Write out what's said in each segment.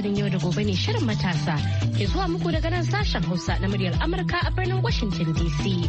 shirin yau da gobe ne shirin matasa ke zuwa muku daga nan sashen Hausa na muryar Amurka a birnin Washington DC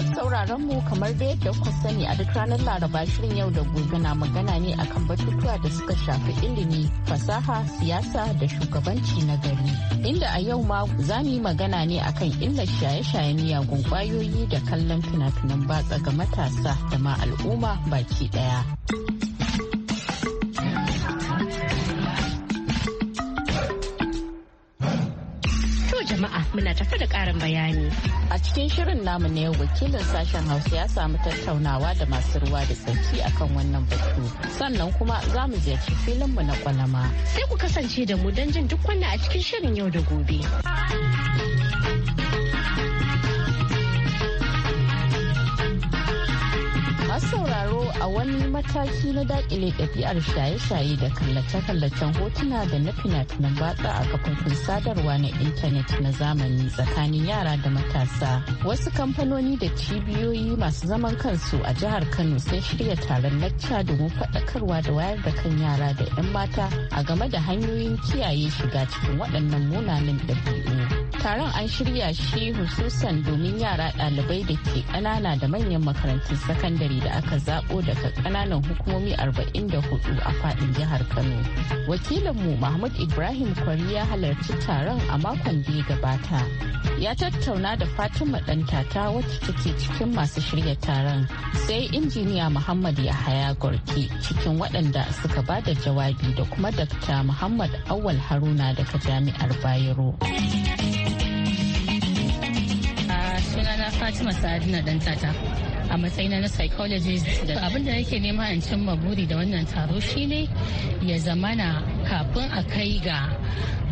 masu sauraron mu kamar da yadda kuka sani a duk ranar laraba shirin yau da gobe na magana ne akan batutuwa da suka shafi ilimi fasaha siyasa da shugabanci na gari inda a yau ma za mu yi magana ne akan illar shaye-shaye miyagun kwayoyi da kallon fina-finan batsa ga matasa da ma al'umma baki daya. muna tafi da ƙarin bayani. A cikin shirin namu na yau wakilin sashen Hausa ya samu tattaunawa da masu ruwa da tsaki akan wannan batu. Sannan kuma za mu ziyarci mu na kwalama. Sai ku kasance da mu don jin duk wannan a cikin shirin yau da gobe. sauraro a wani mataki na dakile ɗabi'ar shaye-shaye da kallace-kallacen hotuna da na fina-finan batsa a kafofin sadarwa na intanet na zamani tsakanin yara da matasa wasu kamfanoni da cibiyoyi masu zaman kansu a jihar kano sun shirya taron lacca domin faɗakarwa da wayar da kan yara da 'yan mata a game da hanyoyin kiyaye shiga cikin waɗannan munanan ɗabi'u taron an shirya shi hususan domin yara ɗalibai da ke ƙanana da manyan makarantun sakandare da aka zaɓo daga ƙananan hukumomi 44 a faɗin jihar kano wakilinmu mahmud ibrahim kwari ya halarci taron a makon da ya gabata ya tattauna da fatima ɗantata wacce take cikin masu shirya taron sai injiniya muhammad yahaya gorki cikin waɗanda suka ba da jawabi da kuma dakta muhammad awal haruna daga jami'ar bayero. na Fatima Sadina dan tata a matsayina na psychologist da abin da nake nema in cimma buri da wannan taro shine ya zamana kafin a kai ga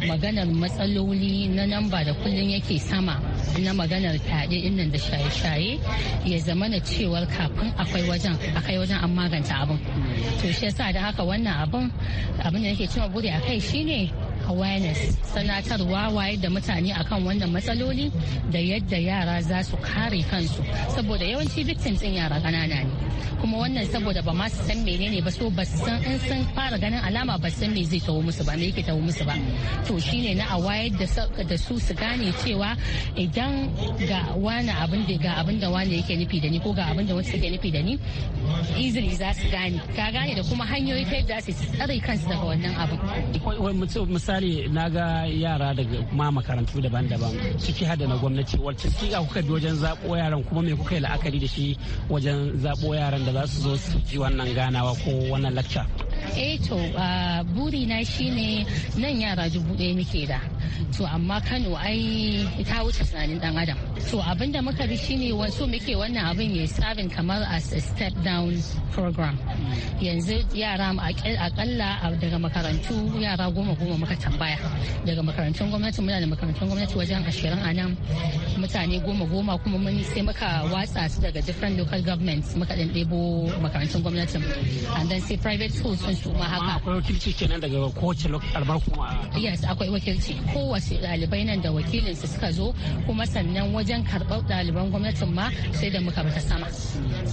maganar matsaloli na namba da kullum yake sama na maganar fyaɗe innan da shaye-shaye ya zama na cewar kafin akwai wajen akai wajen an maganta abin to shi yasa da haka wannan abin abin da yake cewa buri a kai shine awareness sanatarwa waye da mutane akan wannan matsaloli da yadda yara za su kare kansu saboda yawanci victims din yara ƙanana ne kuma wannan saboda ba ma su san menene ba so ba su san in sun fara ganin alama ba san me zai tawo musu ba me yake tawo musu ba to shine na a wayar da su su gane cewa idan ga wani abin da ga abin da wani yake nufi da ni ko ga abin da wasu yake nufi da ni easily za su gane ka gane da kuma hanyoyi ta yadda su tsare kansu daga wannan abin misali na ga yara daga kuma makarantu daban-daban ciki hada na gwamnati wacce kika kuka bi wajen zaɓo yaran kuma me kuka yi la'akari da shi wajen zaɓo yaran da za su zo su ji wannan ganawa ko wannan lacca. eh to buri na shine nan yara dubu ɗaya muke da to amma kano ai ta wuce tunanin dan adam to abin da muka bi shine so muke wannan abin ya sabin kamar as a step down program yanzu yara akalla daga makarantu yara goma goma muka tambaya daga makarantun gwamnati muna da makarantun gwamnati wajen ashirin a nan mutane goma goma kuma mun sai muka watsa su daga different local governments muka dan debo makarantun gwamnatin and then sai private schools sun su ma haka akwai wakilci kenan daga kowace local yes akwai wakilci kowace dalibai nan da wakilinsu suka zo kuma sannan wajen karɓar ɗaliban gwamnatin ma sai da muka bata sama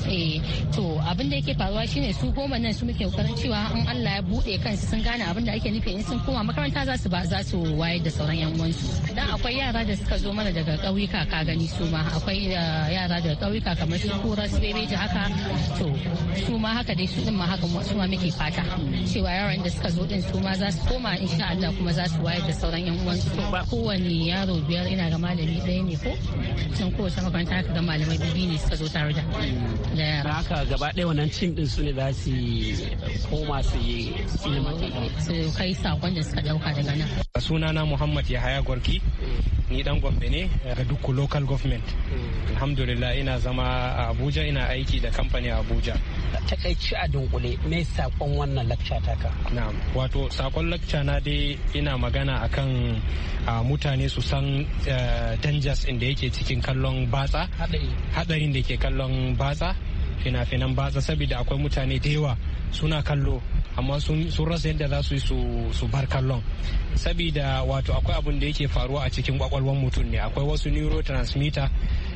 eh to abin da yake faruwa shine su goma nan su muke kokarin cewa in Allah ya buɗe kansu sun gane abin da ake nufi in sun koma makaranta za su ba za su wayar da sauran yan uwansu dan akwai yara da suka zo mana daga ƙauyuka ka gani su ma akwai eh, yara daga ƙauyuka kamar su kura su bebeji haka to su ma haka dai su din ma haka su ma muke fata cewa yaran da suka zo din su ma za su koma insha Allah kuma za su wayar da sauran yan uwansu ba kowane yaro biyar ina ga malami ɗaya ne ko can kowace makaranta aka ga malamai biyu ne suka zo tare da yara haka gaba ɗaya wannan cin din su ne za su koma su yi su kai sakon da suka ɗauka daga nan A sunana muhammad yahaya gorki ni dan gombe ne eh, ga dukku local government alhamdulillah ina zama a abuja ina aiki da kamfani a abuja takaici a dunkule mai sakon wannan lakca taka na'am wato sakon lakca na dai ina magana akan mutane su san eh, dangers inda yake cikin kallon batsa hadarin da ke kallon batsa fina-finan batsa saboda akwai mutane da yawa suna kallo amma sun rasa yadda za su yi su bar kallon sabida wato akwai abun da yake faruwa a cikin kwakwalwar mutum ne akwai wasu neurotransmitter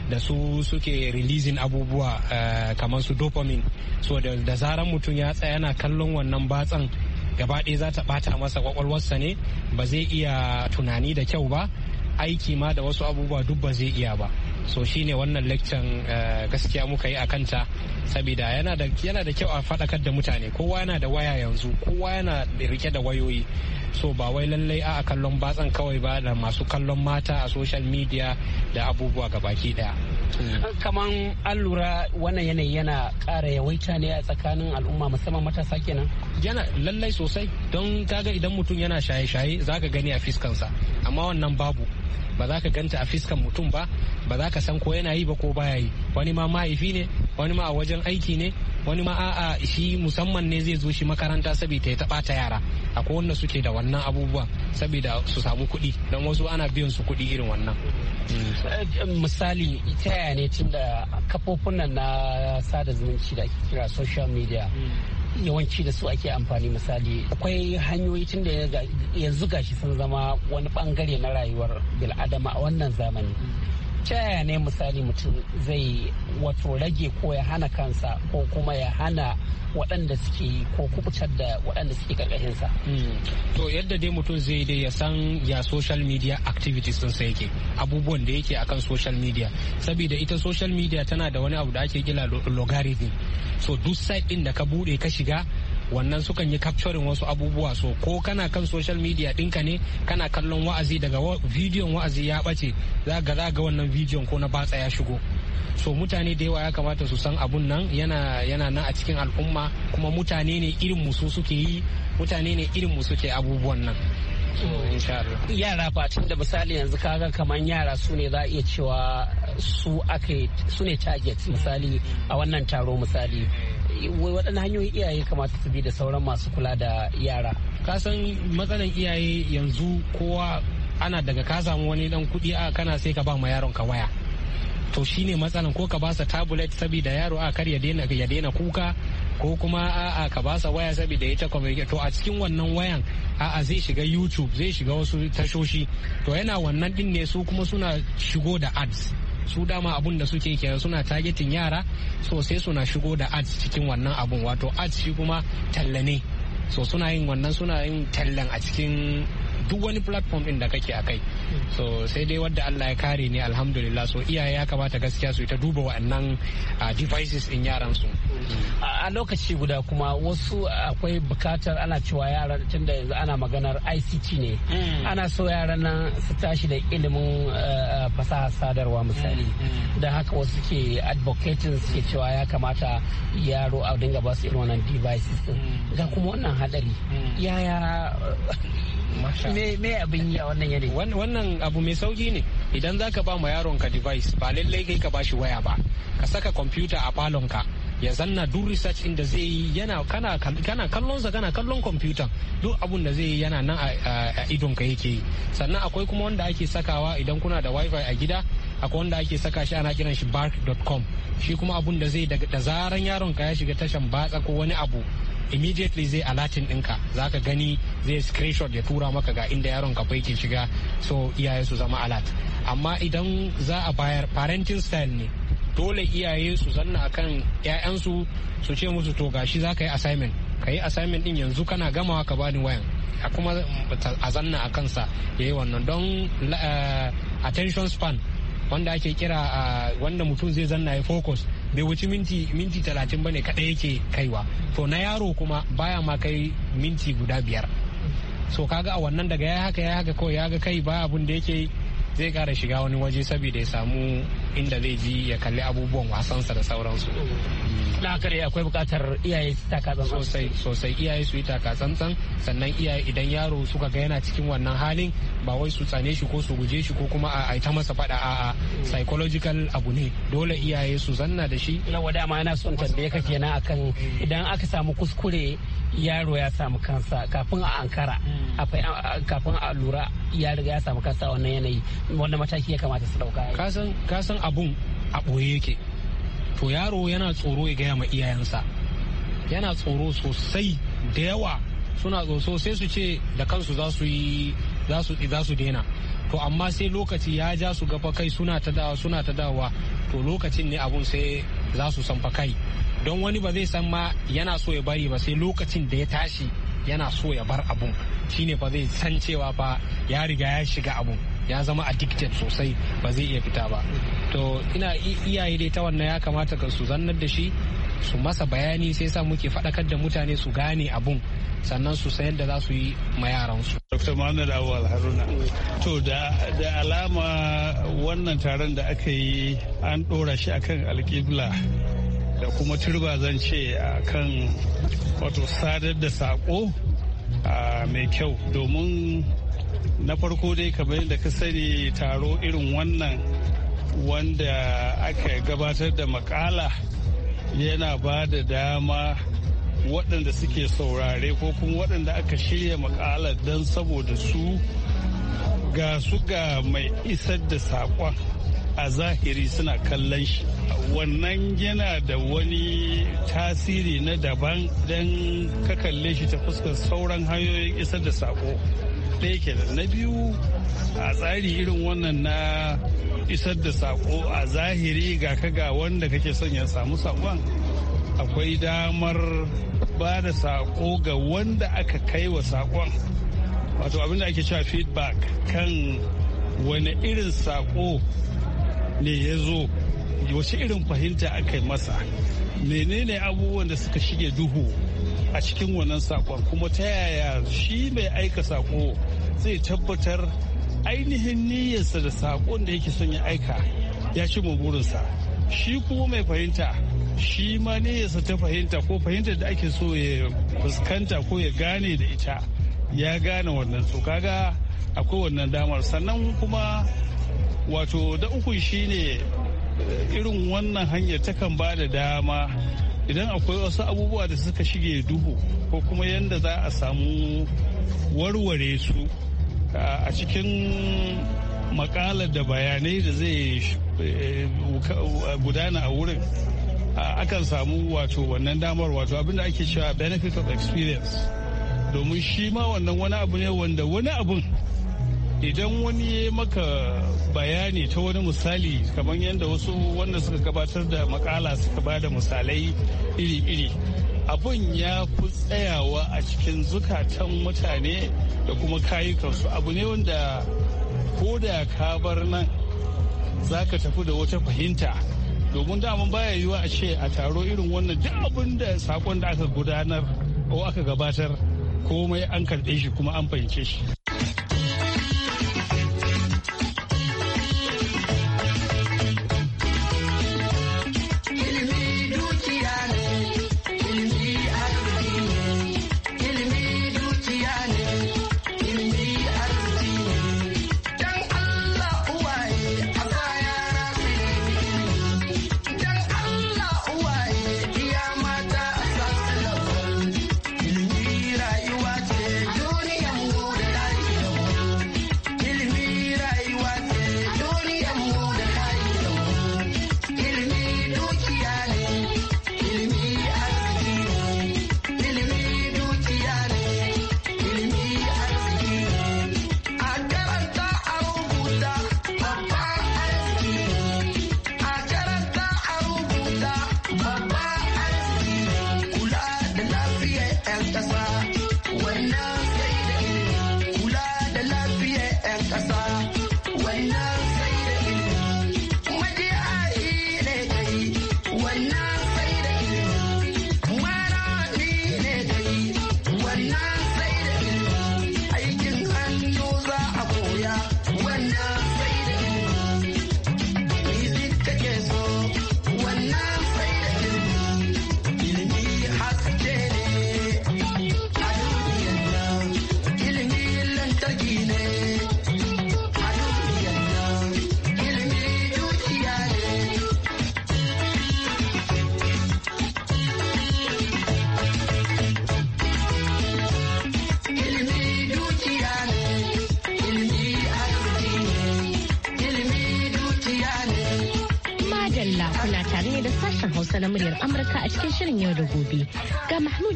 da su suke releasing abubuwa eh, kamar su dopamine so da, da zaran mutum ya tsaya yana kallon wannan batsan gaba ɗaya za ta ɓata masa kwakwalwarsa ne ba zai iya tunani da kyau ba aiki ma da wasu abubuwa duk ba zai iya ba so shi ne wannan leccan eh, gaskiya muka yi a kanta saboda yana da yana da kyau a faɗakar da mutane kowa yana da waya yanzu kowa yana rike da wayoyi so ba wai lallai a kallon batsan kawai ba da masu kallon mata a social media da abubuwa gabaki daya kaman an lura wannan yanayi yana kara yawaita ne a tsakanin al'umma musamman matasa kenan yana lallai sosai don kaga idan mutum yana shaye-shaye za ka gani a fiskansa amma wannan babu ba za ka ganta a fiskan mutum ba ba za ka san ko yana yi ba ko baya yi wani ma mahaifi ne wani ma a wajen aiki ne wani ma a'a shi musamman ne zai zo shi makaranta saboda ya taba ta yara akwai wanda suke da wannan abubuwa saboda su samu kuɗi don wasu ana biyan su kuɗi irin wannan eh, misali ta yaya ne tun da kafofin nan na sada zumunci da ake kira social media hmm. yawanci da su ake amfani misali akwai hanyoyi tun da yanzu gashi sun zama wani bangare na rayuwar bil'adama a wannan zamani ta yaya ne misali mutum zai wato rage ko ya hana kansa ko kuma ya hana waɗanda suke ko kubutar da waɗanda suke karkashinsa. Hmm. to yadda dai mutum zai dai ya san ya social media activities sun sai ke abubuwan da yake akan social media saboda ita social media tana da wani abu da ake kila logarithm so duk site din da ka bude ka shiga wannan sukan yi capturing wasu abubuwa so ko kana kan social media dinka ne kana kallon wa'azi daga bidiyon wa'azi ya bace za ga za ga wannan bidiyon ko na batsa ya shigo so mutane da yawa ya kamata su san abun nan yana yana nan a cikin al'umma kuma mutane ne irin musu suke yi mutane ne irin mu suke abubuwan nan yara fatin da misali yanzu kaga kamar yara su ne za a iya cewa su su ne target misali a wannan taro misali waɗanne hanyoyin iyaye kamata su bi da sauran masu kula da yara ka san matsalan iyaye yanzu kowa ana daga ka samu wani dan kuɗi a kana sai ka ba ma yaron ka waya to shine matsalan ko ka ba sa tablet saboda yaro a kar ya daina kuka ko kuma a'a ka ba sa waya saboda ya ta to a cikin wannan wayan a'a zai shiga youtube zai shiga wasu tashoshi to yana wannan din ne su kuma suna shigo da ads su dama abun da suke kenan suna targetin yara so sai suna shigo da ads cikin wannan abun wato ads shi kuma talla ne so suna yin wannan suna yin tallan a cikin duk wani platform din da kake a kai so sai dai wadda Allah ya kare ne alhamdulillah so iyaye ya kamata gaskiya su ta duba wa'annan devices in yaran su a lokaci guda kuma wasu akwai bukatar ana cewa yaran tun da yanzu ana maganar ICT ne mm. ana so yaran nan su tashi da ilimin eh, eh, fasaha sadarwa misali mm, mm. da haka wasu ke advocating suke cewa ya kamata yaro a dinga ba su irin wannan devices ga kuma wannan hadari yaya me abin yi a wannan yanayi wannan abu mai sauki ne idan za ka ba ma yaronka device ba lallai kai ka bashi waya ba ka saka kwamfuta a falonka ya zanna duk research inda zai yi yana kana kana kallon sa kana kallon computer duk abun da zai yi yana nan a idon ka yake yi sannan akwai kuma wanda ake sakawa idan kuna da wifi a gida akwai wanda ake saka shi ana kiran shi bark.com shi kuma abun da zai da zaran yaron ka ya shiga tashan batsa ko wani abu immediately zai alatin ɗinka za ka gani zai screenshot ya tura maka ga inda yaron ka ke shiga so iyaye su zama alat amma idan za a bayar parenting style ne dole iyaye su zanna akan yayan su ce musu to gashi za ka yi assignment ka yi assignment din yanzu kana gamawa ka bani wayan a kuma a zanna a kansa ya yi wannan don eh, attention span wanda ake kira eh, wanda mutum zai zanna ya focus bai wuci minti minti talatin bane kaɗai yake kaiwa to na yaro kuma baya ma kai minti guda biyar so kaga a wannan daga ya haka ya haka kawai ya ga kai ba abun da yake zai kara shiga wani waje saboda ya samu inda zai ji ya kalli abubuwan wasansa da sauransu la'akari akwai bukatar iyaye su taka tsantsan sosai iyaye su yi taka tsantsan sannan iyaye idan yaro suka ga yana cikin wannan halin ba wai su tsane shi ko su guje shi ko kuma a ta masa fada a'a psychological abu ne dole iyaye su zanna da shi yawa dama yana son tambaye ka kenan akan idan aka samu kuskure yaro ya samu kansa kafin a ankara hmm. kafin a lura ya riga ya samu kansa wannan yanayi wanda mataki ya kamata su dauka kasan abun a ɓoye yake to yaro yana tsoro ya gaya ma iyayensa yana tsoro sosai da yawa suna tsoro sai su ce da kansu za su yi za su daina to amma sai lokaci ya ja su gafa kai suna ta dawa suna ta dawa to lokacin ne abun sai za su san fa kai don wani ba zai san ma yana so ya bari ba sai lokacin da ya tashi yana so ya bar abun shine ba zai san cewa ba ya riga ya shiga abun ya zama addicted sosai ba zai iya fita ba to ina iyaye dai ta wannan ya kamata ka su zannar da shi su masa bayani sai sa muke faɗakar da mutane su gane abun sannan su sayar da za su yi ma yaransu. Dr. Muhammad Awal Haruna. To da alama wannan taron da aka yi an ɗora shi akan alƙibla da kuma turba zan ce akan wato sadar da sako mai kyau domin na farko dai kamar yadda ka sani taro irin wannan wanda aka gabatar da makala yana ba da dama waɗanda suke saurare ko kuma waɗanda aka shirya maƙala don saboda su ga su ga mai isar da saƙon a zahiri suna kallon shi wannan yana da wani tasiri na daban don ka kalle shi ta fuskar sauran hanyoyin isar da saƙo ɗaya kenan na biyu a tsari irin wannan na isar da sako a zahiri ga ka ga wanda kake son ya samu sakon akwai damar ba da sako ga wanda aka kai wa sakon wato abinda ake cewa feedback kan wani irin sako ne ya zo wace irin fahimta aka yi masa menene abubuwan da suka shige duhu a cikin wannan sakon kuma ta yaya shi mai aika sako zai tabbatar ainihin niyyarsa da sakon da yake son ya aika ya ci burinsa shi kuma mai fahimta shi ma niyyarsa ta fahimta ko fahimtar da ake so ya fuskanta ko ya gane da ita ya gane wannan to kaga akwai wannan damar sannan kuma wato da uku shine eh, irin wannan hanyar ta kan ba da dama idan akwai wasu abubuwa da suka shige duhu ko kuma yadda za a samu warware su a cikin makalar da bayanai da zai eh, gudana a wurin akan samu wato wannan damar wato abinda ake cewa benefit of experience domin shi ma wannan wani abu ne wanda wani abun idan wani ya maka bayani ta wani misali kamar yadda wasu wanda suka gabatar da makala suka ba da misalai iri-iri abun ya fi tsayawa a cikin zukatan mutane da kuma kayukansu abu ne wanda ko da ka bar nan za ka tafi da wata fahimta domin daman baya yiwa a ce a taro irin wannan duk abin da sakon da aka gudanar ko aka gabatar komai an karɓe shi kuma an fahimce shi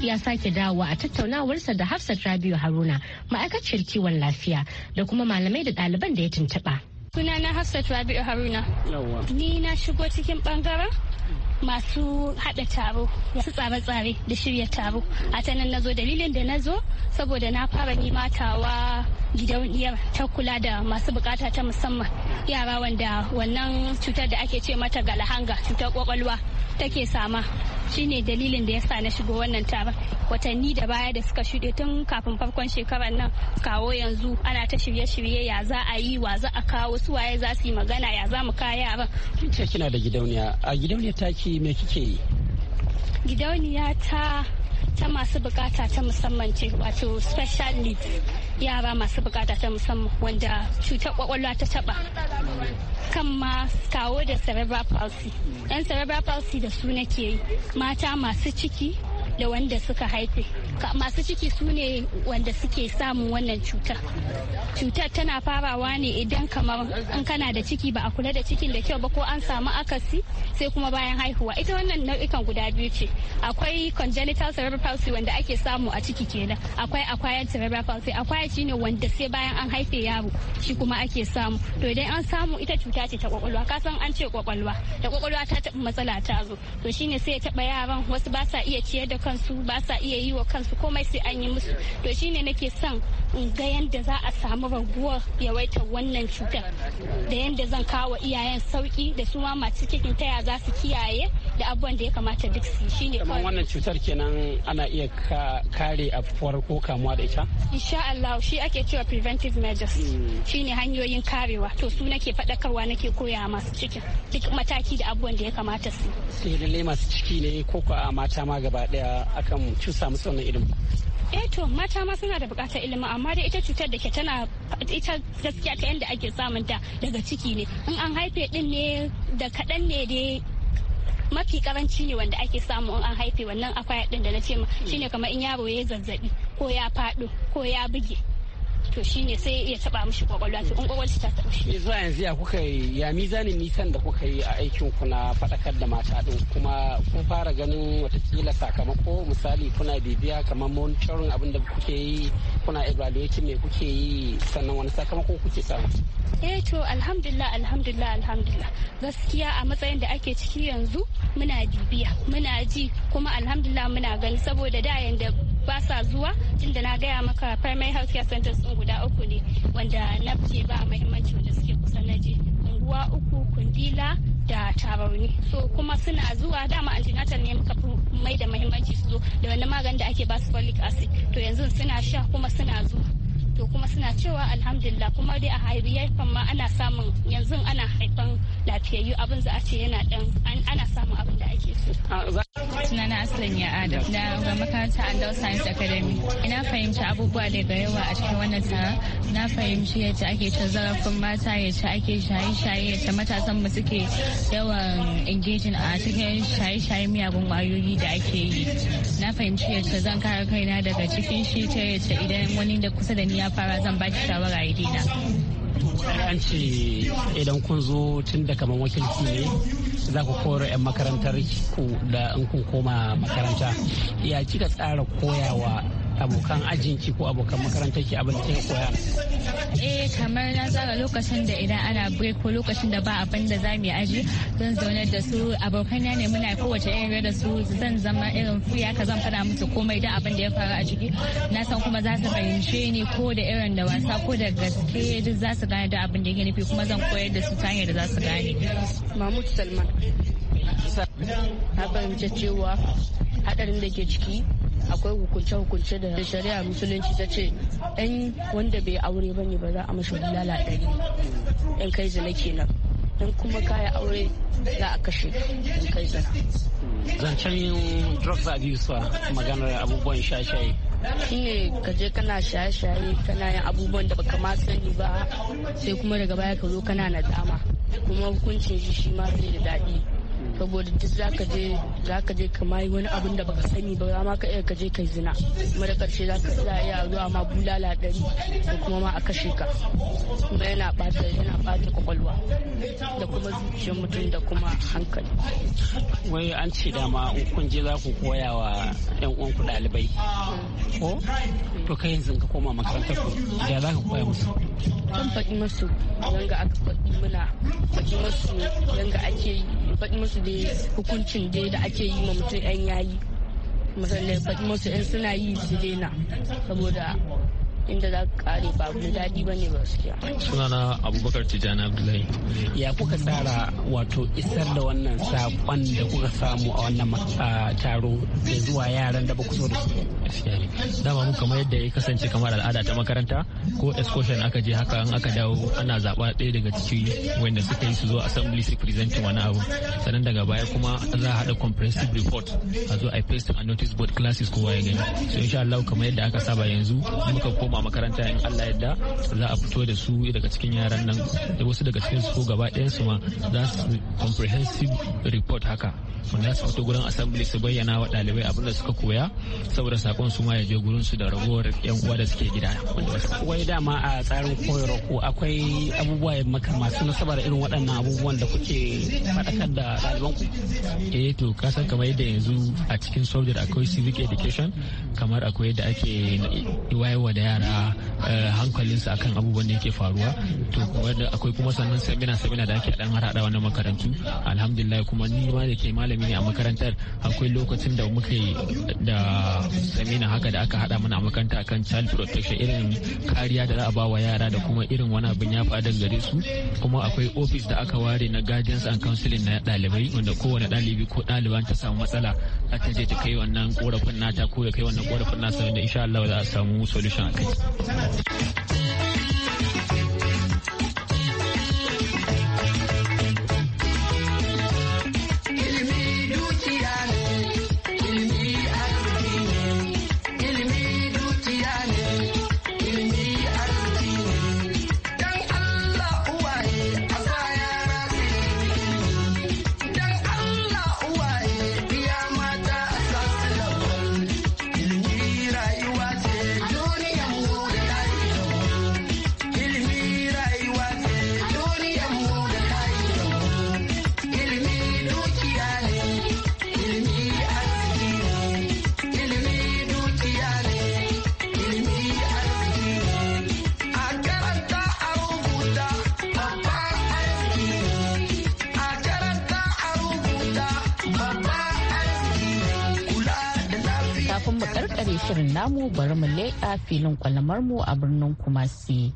ya sake dawowa a tattaunawarsa da Hafsat Rabiu Haruna ma'aikaciyar kiwon lafiya da kuma malamai da ɗaliban da ya tuntuɓa. Sunana Hafsat Rabiu Haruna. Ni na shigo cikin bangaren masu haɗa taro su tsare-tsare da shirya taro a ta nan nazo dalilin da na zo saboda na fara nimatawa gidauniyar ta kula da masu bukata ta musamman yara wanda wannan cutar da ake ce mata galahanga cutar kwakwalwa take sama shine dalilin da ya sa na shigo wannan taron watanni da baya da suka shuɗe tun kafin farkon shekarar nan kawo yanzu ana ta shirye-shirye ya za a yi wa za a kawo su waye za su yi magana ya za mu kawo yaran kin ce kina da gidauniya a gidauniya taki me kike yi gidauniya ta ta masu bukata ta musamman ce wato special needs yara masu bukata ta musamman wanda cutar kwakwalwa ta taba kan ma kawo da cerebral palsy yan cerebral palsy da su nake mata masu ciki da wanda suka haife masu ciki su ne wanda suke samun wannan cutar cutar tana farawa ne idan kamar in kana da ciki ba a kula da cikin da kyau ba ko an samu akasi sai kuma bayan haihuwa ita wannan nau'ikan guda biyu ce akwai congenital cerebral palsy wanda ake samu a ciki kenan akwai acquired cerebral palsy shi ne wanda sai bayan an haife yaro shi kuma ake samu to idan an samu ita cuta ce ta kwakwalwa ka san an ce kwakwalwa da kwakwalwa ta matsala ta zo to shine sai ya taba yaran wasu ba sa iya ciyar da kansu ba sa iya yi wa kansu komai sai an yi musu to shine nake son in ga yadda za a samu raguwar yawaitar wannan cutar da yadda zan kawo iyayen sauki da su ma masu cikin taya za su kiyaye da abubuwan da ya kamata duk su shi ne kawai wannan cutar kenan ana iya kare fuwar ko kamuwa da ita insha Allah shi ake cewa preventive measures hmm. shi ne hanyoyin karewa to su nake faɗakarwa nake koya masu cikin duk mataki da abubuwan da ya kamata su sai lalle masu ciki ne ko ko mata ma gaba ɗaya akan cusa musu wannan ilimi. eh to mata ma suna da bukatar ilimi amma dai ita cutar da ke tana ita gaskiya ta yadda ake samun ta daga ciki ne in an haife din ne da kaɗan ne dai mafi karanci ne wanda ake samu in an haife wannan akwai din da na ce ma mm. shine kamar in yaro ya zazzabi ko ya faɗo ko ya buge to shine sai ya taba mishi kwakwalwa to in kwakwalwa ta taba shi eh, zuwa yanzu ya kuka yi ya mizanin nisan da kuka yi a aikin ku na fadakar da mata din kuma kun fara ganin watakila sakamako misali kuna bibiya kamar monitoring abin da kuke yi kuna evaluating me kuke yi sannan wani sakamako kuke samu E to alhamdulillah alhamdulillah alhamdulillah gaskiya a matsayin da ake ciki yanzu muna bibiya muna ji kuma alhamdulillah muna gani saboda da yanda ba sa zuwa tunda na gaya maka primary health care centers din guda uku ne wanda na ce ba muhimmanci wanda suke kusa na je unguwa uku kundila da tabarni so kuma suna zuwa dama antenatal ne muka mai da muhimmanci su zo da wani magani da ake basu folic acid to yanzu suna sha kuma suna zuwa to kuma suna cewa alhamdulillah kuma dai a haifan ma ana samun yanzu ana haifar. yi abin za a ce yana dan ana samun abin da ake so. na Aslan ya Adam na ga makaranta Andal Science Academy. Ina fahimci abubuwa daga yawa a cikin wannan tara. Na fahimci yadda ake cin zarafin mata yadda ake shaye-shaye yadda matasan mu suke yawan engaging a cikin shaye-shaye miyagun ƙwayoyi da ake yi. Na fahimci yadda zan kare kaina daga cikin shi ta yadda idan wani da kusa da ni ya fara zan ba shi shawara ya sai idan kun zo tun da kamar wakilci ne za ku kora 'yan makarantar ku da in kun koma makaranta ya kika tsara koyawa abokan ajinki ko abokan makarantarki abin da kika koya eh kamar na tsara lokacin da idan ana break ko lokacin da ba abin da za yi aji zan zaune da su abokaina ne muna kowace irin da su zan zama irin fuya ka zan fada musu komai da abin da ya faru a ciki na san kuma za su fahimce ni ko da irin da wasa ko da gaske duk za su gane da abin da yake nufi kuma zan koyar da su ta hanyar da za su gane mahmud salman na fahimci cewa hadarin da ke ciki akwai hukunce-hukunce da shari'a musulunci ta ce ɗan wanda bai aure ba ne ba za a mashi bulala ɗari ɗan kai zina kenan ɗan kuma kaya aure za a kashe ɗan kai zina. zancen yin drugs abuse fa maganar abubuwan shashaye shine ka je kana shaye-shaye kana yin abubuwan da baka ma sani ba sai kuma daga baya ka zo kana nadama kuma hukuncin shi shi ma zai da daɗi saboda duk za ka je za ka je ka mayi wani abin da baka sani ba ma ka iya ka je kai zina kuma da karshe za ka iya zuwa ma bulala ɗari da kuma ma a kashe ka kuma yana ɓata yana ɓata kwakwalwa da kuma zuciyar mutum da kuma hankali. wai an ce dama kun je za ku koya wa 'yan uwanku ɗalibai ko to kai yanzu ka koma makarantar ku da za ka koya musu zan faɗi musu yanga aka faɗi muna faɗi musu yanga ake yi faɗi musu da hukuncin dai da ake yi ma mutum yan yayi misali faɗi musu in suna yi su daina saboda inda za ka kare ba abu daɗi ba ne gaskiya. sunana abubakar tijjani abdullahi ya kuka tsara wato isar da wannan saƙon da kuka samu a wannan taro da zuwa yaran da ba so da su. dama mu kamar yadda ya kasance kamar al'ada ta makaranta ko excursion aka je haka an aka dawo ana zaba ɗaya daga ciki wanda suka yi su zo assembly su present wani abu sannan daga baya kuma za a haɗa comprehensive report a zo a paste a notice board classes kowa ya gani so insha Allah kamar yadda aka saba yanzu muka koma koma makaranta in Allah yadda za a fito da su daga cikin yaran nan da wasu daga cikin su ko gaba ɗayan su ma za su comprehensive report haka wanda su fito gurin assembly su bayyana wa ɗalibai abin da suka koya saboda sakon su ma ya je gurin su da ragowar yan uwa da suke gida wai dama a tsarin koyarwa ko akwai abubuwa maka masu nasaba da irin waɗannan abubuwan da kuke faɗakar da ɗaliban ku eh to ka san kamar yadda yanzu a cikin soldier akwai civic education kamar akwai da ake wayewa da yara da eh, hankalinsu akan abubuwan da yake faruwa to akwai kuma sannan semina semina da ake dan harada wani makarantu alhamdulillah kuma ni ma da ke malami ne a makarantar akwai lokacin da muka da semina haka da aka hada mana a makaranta akan child protection irin kariya da za a ba wa yara da kuma irin wani abin ya fa gare su kuma akwai office da aka ware na guardians and counseling na dalibai wanda kowane dalibi ko ɗaliban ta samu matsala a ta je ta kai wannan korafin nata ko ya kai wannan korafin nasa wanda insha Allah za a samu solution a kai samu tana filin kwalamar mu a birnin Kumasi.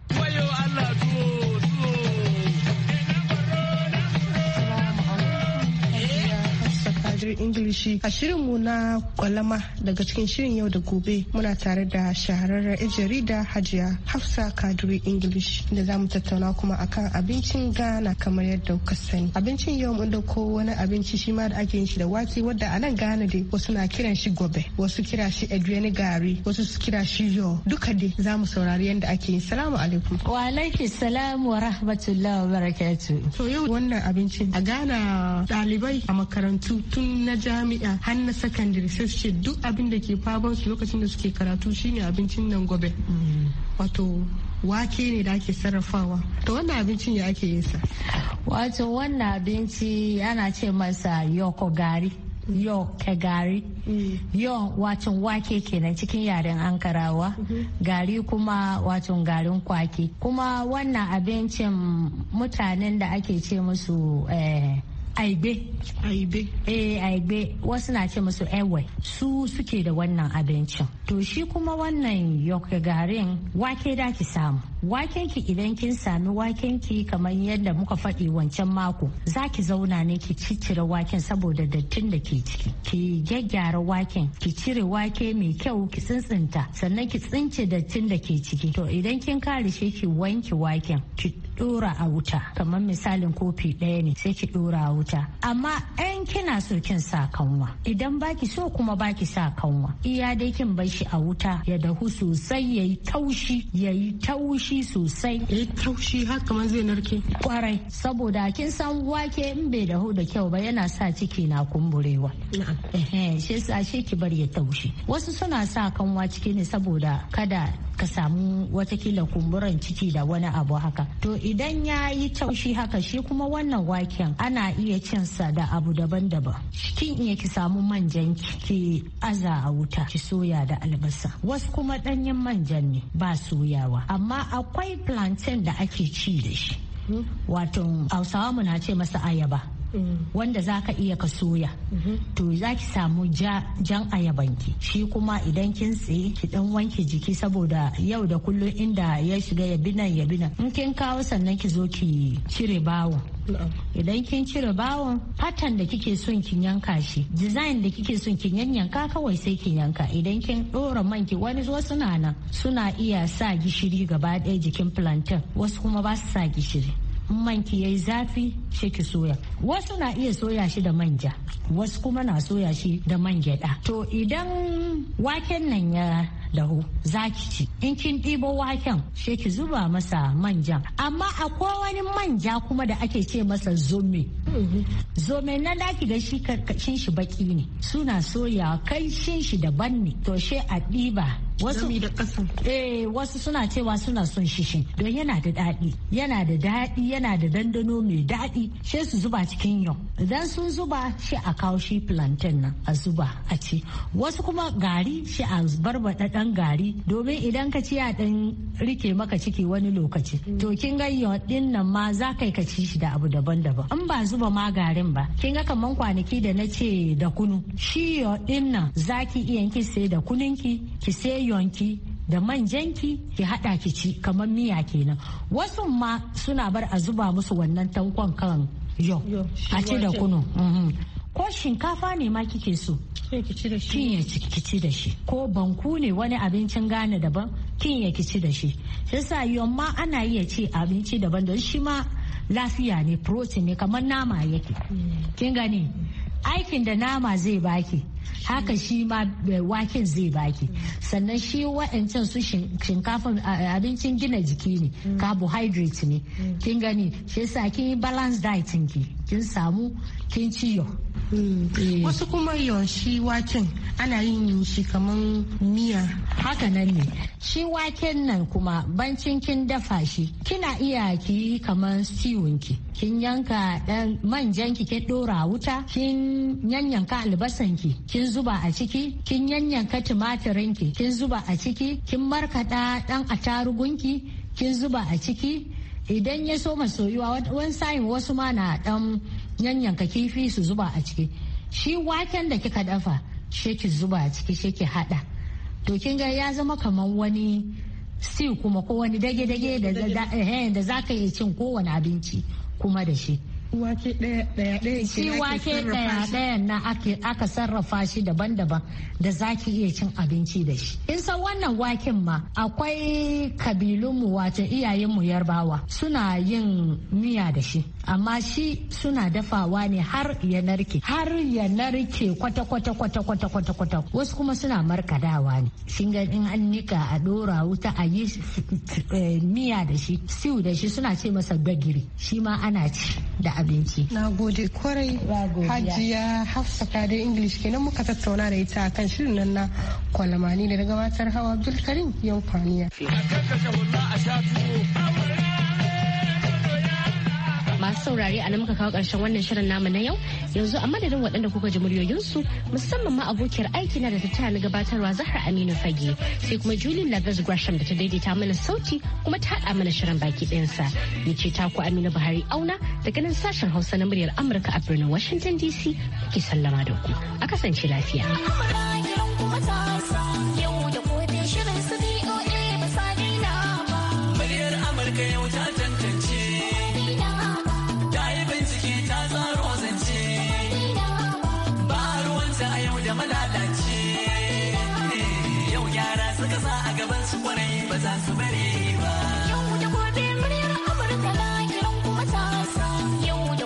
Nursery Ingilishi a shirin shirinmu na kwalama daga cikin shirin yau da gobe muna tare da shahararren 'yan jarida Hajiya Hafsa Kaduri English da za mu tattauna kuma akan abincin Ghana kamar yadda kuka sani. Abincin yau mun dauko wani abinci shi ma da ake yin shi da wake wadda a nan Ghana dai wasu na kiran shi gobe wasu kira shi Edwin Gari wasu su kira shi yo duka dai za mu saurari yadda ake yin salamu alaikum. Wa alaikum salam wa rahmatullahi wa barakatuh. To yau wannan abincin a Ghana ɗalibai a makarantu tun na jami'a har na sakandare sai su ce duk abin da ke faban su lokacin da suke karatu shine abincin nan gobe wato wake ne da ake sarrafawa to wannan abincin ya ake yin sa wato wannan abinci ana ce masa yoko gari mm. yo ke gari yo wacin wake kenan cikin yaren ankarawa mm-hmm. gari kuma wacin garin kwaki kuma wannan abincin mutanen da ake ce musu eh, aibe aibe eh aibe wasu na ce musu ewe eh, su suke da wannan abincin to shi kuma wannan yoke garin wake da ki samu waken ki idan kin sami waken ki kamar yadda muka faɗi wancan mako za ki zauna ne ki ciccire waken saboda dattin da ke ciki ki gyaggyara waken ki cire wake mai kyau ki tsintsinta sannan ki tsince dattin da ke ciki to idan kin kare shi ki wanke waken ki dora a wuta kamar misalin kofi ɗaya ne sai ki dora a wuta amma ɗan kina so kin sa kanwa idan baki so kuma baki sa kanwa iya dai kin bar shi a wuta ya dahu sosai yayi taushi yayi taushi sosai yayi taushi har kamar zai narke kwarai saboda kin san wake in bai dahu da kyau ba yana sa ciki na kumburewa shi sa shi ki bar ya taushi wasu suna sa kanwa ciki ne saboda kada ka samu watakila kumburan ciki da wani abu haka to idan ya yi taushi haka shi kuma wannan waken ana iya cin sa da abu daban-daban kin iya ki samu manjan ki aza a wuta ki soya da albasa wasu kuma danyen manjan ne ba soyawa amma akwai plantain da ake ci da shi wato hausawa mu na ce masa ayaba wanda za ka iya ka soya to za ki samu jan ayabanki shi kuma idan kin tsaye ki dan wanke jiki saboda yau da kullum inda ya shiga ya binan ya binan in kin kawo sannan ki zo ki cire bawon idan kin cire bawon fatan da kike son kin yanka shi design da kike son kin yanyanka kawai sai kin yanka idan kin dora manki ki wani wasu na nan suna iya sa gishiri gaba ɗaya jikin plantain wasu kuma ba su sa gishiri man ki yayi zafi shi ki soya wasu na iya soya shi da manja wasu kuma na soya shi da man gyada to idan waken nan ya dahu za ki ci in kin ɗibo waken she ki zuba masa manja amma akwai wani manja kuma da ake ce masa zome mhm. zome na da ga shi karkashin shi baki ne suna soya kai shi daban ne to she a ɗiba wasu da kasan eh wasu suna cewa suna son shishin don yana da daɗi yana da daɗi yana da dandano mai daɗi sai su zuba cikin yau idan sun zuba shi a kawo shi plantain nan a zuba a ci wasu kuma gari shi a barbada ɗan gari domin idan ka ci ya ɗan rike maka ciki wani lokaci mm. to kin ga ɗin nan ma za kai ka ci shi da abu daban-daban in ba zuba ma garin ba kin ga kaman kwanaki da na ce da kunu shi yau ɗin nan za ki iya ki sai da kununki ki sai alayyanki da manjanki ki hada ki ci kamar miya kenan wasu ma suna bar a zuba musu wannan tankon kan yo a ci da kunu mhm. ko shinkafa ne ma kike so kinya ki ci da shi ko banku ne wani abincin gane daban kinya ki ci da shi sai sa yamma ana iya ci abinci daban don shi ma lafiya ne protein ne kamar nama yake mm. kin gani aikin da nama zai baki haka shi ma eh, waken zai baki sannan shi wa'ancan su shinkafa abincin gina jiki ne carbohydrate ne kin gani shi yasa kin yi balance diet ki kin samu kin ciyo Mm, eh. wasu kuma yawanci wakin ana yin shi kaman miya haka nan ne shi waken nan kuma bancin kin dafa shi kina iya ki kaman stewin ki kin yanka dan manjan ki dora wuta kin yanyanka albasan ki kin zuba a ciki kin yanyanka tumatirin ki kin zuba a ciki kin markada dan atarugunki ki kin zuba a ciki idan ya soma soyuwa wani sa'in wasu ma na dan yanyanka kifi su zuba a ciki shi waken da kika dafa sheki zuba a ciki sheki ki hada to kin ga ya zama kamar wani stew kuma ko wani dage-dage eh, da za ka iya cin kowane abinci kuma da shi shi wake ɗaya ɗaya na aka sarrafa shi daban-daban da zaki iya cin abinci da shi in san wannan waken ma akwai kabilunmu wato iyayenmu yarbawa suna yin miya da shi amma shi suna dafawa ne har ya narke har ya narke kwata-kwata kwata-kwata kwata-kwata wasu kuma suna markadawa ne ga in an nika a dora wuta a yi eh, miya da shi siyu da shi suna ce masa gagiri shi ma ana ci da abinci abinci. Na gode kwarai hajiya Hafsa Kadai English kenan muka tattauna da ita akan shirin nan na kwalamani da gabatar hawa Abdul Karim kwaniya. masu saurare a nan muka kawo ƙarshen wannan shirin namu na yau yanzu a madadin waɗanda kuka ji muryoyinsu musamman ma abokiyar aiki na da ta na gabatarwa zahra aminu fage sai kuma julie lagos gresham da ta daidaita mana sauti kuma ta haɗa mana shirin baki ɗinsa ni ce taku aminu buhari auna da nan sashen hausa na muryar amurka a birnin washington dc ke sallama da ku a kasance lafiya.